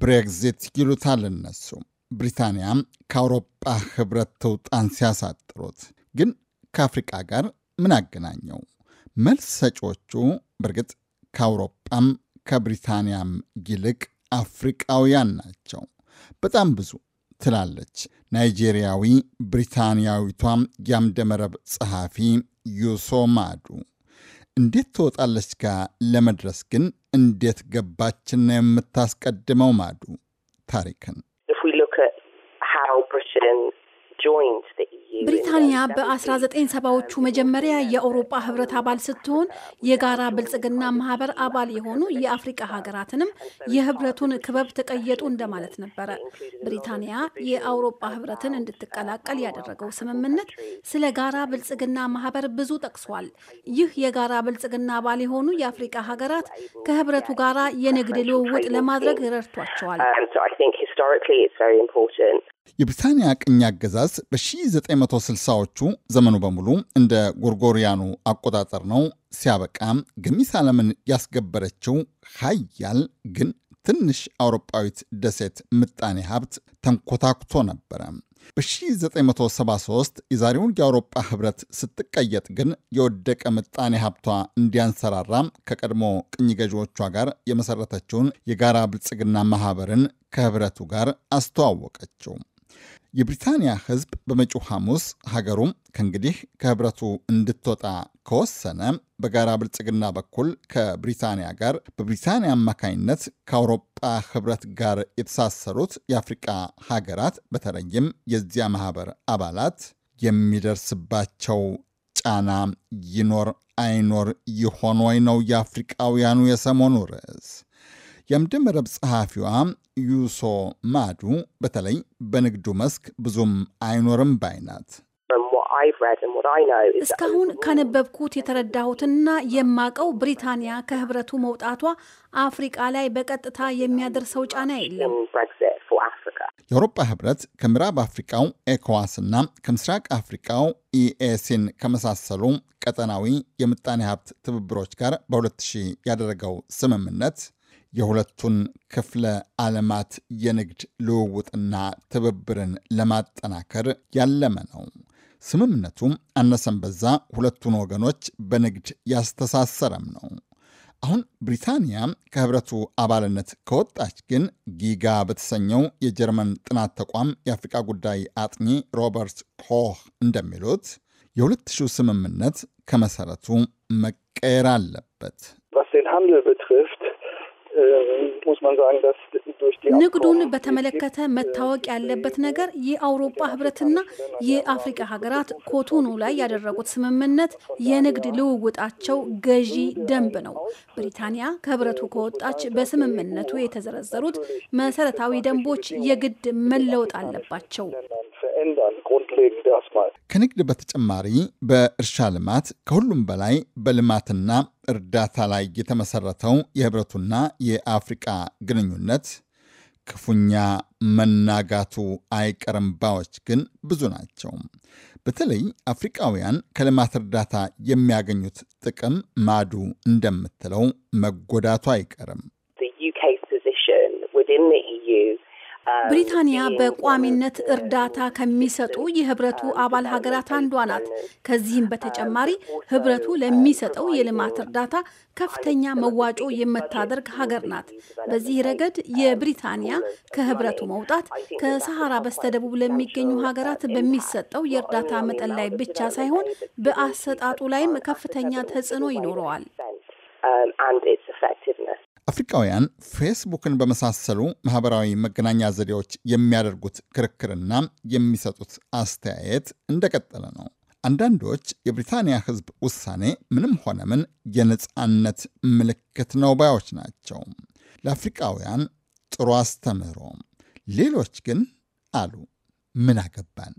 ብሬግዚት ይሉታል እነሱ። ብሪታንያም ከአውሮጳ ህብረት ትውጣን ሲያሳጥሩት ግን ከአፍሪቃ ጋር ምን አገናኘው? መልስ ሰጪዎቹ በእርግጥ ከአውሮጳም ከብሪታንያም ይልቅ አፍሪቃውያን ናቸው። በጣም ብዙ ትላለች ናይጄሪያዊ ብሪታንያዊቷም የአምደመረብ ጸሐፊ ዩሶማዱ እንዴት ትወጣለች ጋር ለመድረስ ግን እንዴት ገባችና የምታስቀድመው ማዱ ታሪክን ብሪታንያ በ1970ዎቹ መጀመሪያ የአውሮፓ ህብረት አባል ስትሆን የጋራ ብልጽግና ማህበር አባል የሆኑ የአፍሪቃ ሀገራትንም የህብረቱን ክበብ ተቀየጡ እንደማለት ነበረ። ብሪታንያ የአውሮፓ ህብረትን እንድትቀላቀል ያደረገው ስምምነት ስለ ጋራ ብልጽግና ማህበር ብዙ ጠቅሷል። ይህ የጋራ ብልጽግና አባል የሆኑ የአፍሪቃ ሀገራት ከህብረቱ ጋራ የንግድ ልውውጥ ለማድረግ ረድቷቸዋል። የብሪታንያ ቅኝ አገዛዝ በ1960ዎቹ ዘመኑ በሙሉ እንደ ጎርጎሪያኑ አቆጣጠር ነው ሲያበቃ ገሚስ ዓለምን ያስገበረችው ሀያል ግን ትንሽ አውሮጳዊት ደሴት ምጣኔ ሀብት ተንኮታኩቶ ነበረ። በ1973 የዛሬውን የአውሮፓ ህብረት ስትቀየጥ ግን የወደቀ ምጣኔ ሀብቷ እንዲያንሰራራ ከቀድሞ ቅኝ ገዢዎቿ ጋር የመሰረተችውን የጋራ ብልጽግና ማህበርን ከህብረቱ ጋር አስተዋወቀችው። የብሪታንያ ህዝብ በመጪው ሐሙስ ሀገሩም ከእንግዲህ ከህብረቱ እንድትወጣ ከወሰነ በጋራ ብልጽግና በኩል ከብሪታንያ ጋር በብሪታንያ አማካኝነት ከአውሮጳ ህብረት ጋር የተሳሰሩት የአፍሪቃ ሀገራት በተለይም የዚያ ማህበር አባላት የሚደርስባቸው ጫና ይኖር አይኖር ይሆን ወይ ነው የአፍሪቃውያኑ የሰሞኑ ርዕስ። የምድመረብ ጸሐፊዋ ዩሶ ማዱ በተለይ በንግዱ መስክ ብዙም አይኖርም ባይናት እስካሁን ከነበብኩት የተረዳሁትና የማቀው ብሪታንያ ከህብረቱ መውጣቷ አፍሪቃ ላይ በቀጥታ የሚያደርሰው ጫና የለም። የአውሮፓ ህብረት ከምዕራብ አፍሪቃው ኤኮዋስና ከምስራቅ አፍሪቃው ኢኤሲን ከመሳሰሉ ቀጠናዊ የምጣኔ ሀብት ትብብሮች ጋር በ2000 ያደረገው ስምምነት የሁለቱን ክፍለ ዓለማት የንግድ ልውውጥና ትብብርን ለማጠናከር ያለመ ነው። ስምምነቱም አነሰም በዛ ሁለቱን ወገኖች በንግድ ያስተሳሰረም ነው። አሁን ብሪታንያ ከህብረቱ አባልነት ከወጣች ግን ጊጋ በተሰኘው የጀርመን ጥናት ተቋም የአፍሪቃ ጉዳይ አጥኚ ሮበርት ኮህ እንደሚሉት የሁለት 2000 ስምምነት ከመሰረቱ መቀየር አለበት። was den muss man sagen, dass durch die ንግዱን በተመለከተ መታወቅ ያለበት ነገር የአውሮፓ ህብረትና የአፍሪካ ሀገራት ኮቶኑ ላይ ያደረጉት ስምምነት የንግድ ልውውጣቸው ገዢ ደንብ ነው። ብሪታንያ ከህብረቱ ከወጣች በስምምነቱ የተዘረዘሩት መሰረታዊ ደንቦች የግድ መለወጥ አለባቸው። ከንግድ በተጨማሪ በእርሻ ልማት ከሁሉም በላይ በልማትና እርዳታ ላይ የተመሰረተው የህብረቱና የአፍሪቃ ግንኙነት ክፉኛ መናጋቱ አይቀርም ባዎች ግን ብዙ ናቸው። በተለይ አፍሪቃውያን ከልማት እርዳታ የሚያገኙት ጥቅም ማዱ እንደምትለው መጎዳቱ አይቀርም። ብሪታንያ በቋሚነት እርዳታ ከሚሰጡ የህብረቱ አባል ሀገራት አንዷ ናት። ከዚህም በተጨማሪ ህብረቱ ለሚሰጠው የልማት እርዳታ ከፍተኛ መዋጮ የምታደርግ ሀገር ናት። በዚህ ረገድ የብሪታንያ ከህብረቱ መውጣት ከሰሃራ በስተደቡብ ለሚገኙ ሀገራት በሚሰጠው የእርዳታ መጠን ላይ ብቻ ሳይሆን በአሰጣጡ ላይም ከፍተኛ ተጽዕኖ ይኖረዋል። አፍሪካውያን ፌስቡክን በመሳሰሉ ማህበራዊ መገናኛ ዘዴዎች የሚያደርጉት ክርክርና የሚሰጡት አስተያየት እንደቀጠለ ነው። አንዳንዶች የብሪታንያ ሕዝብ ውሳኔ ምንም ሆነ ምን የነፃነት ምልክት ነው ባዮች ናቸው። ለአፍሪካውያን ጥሩ አስተምህሮ። ሌሎች ግን አሉ ምን አገባን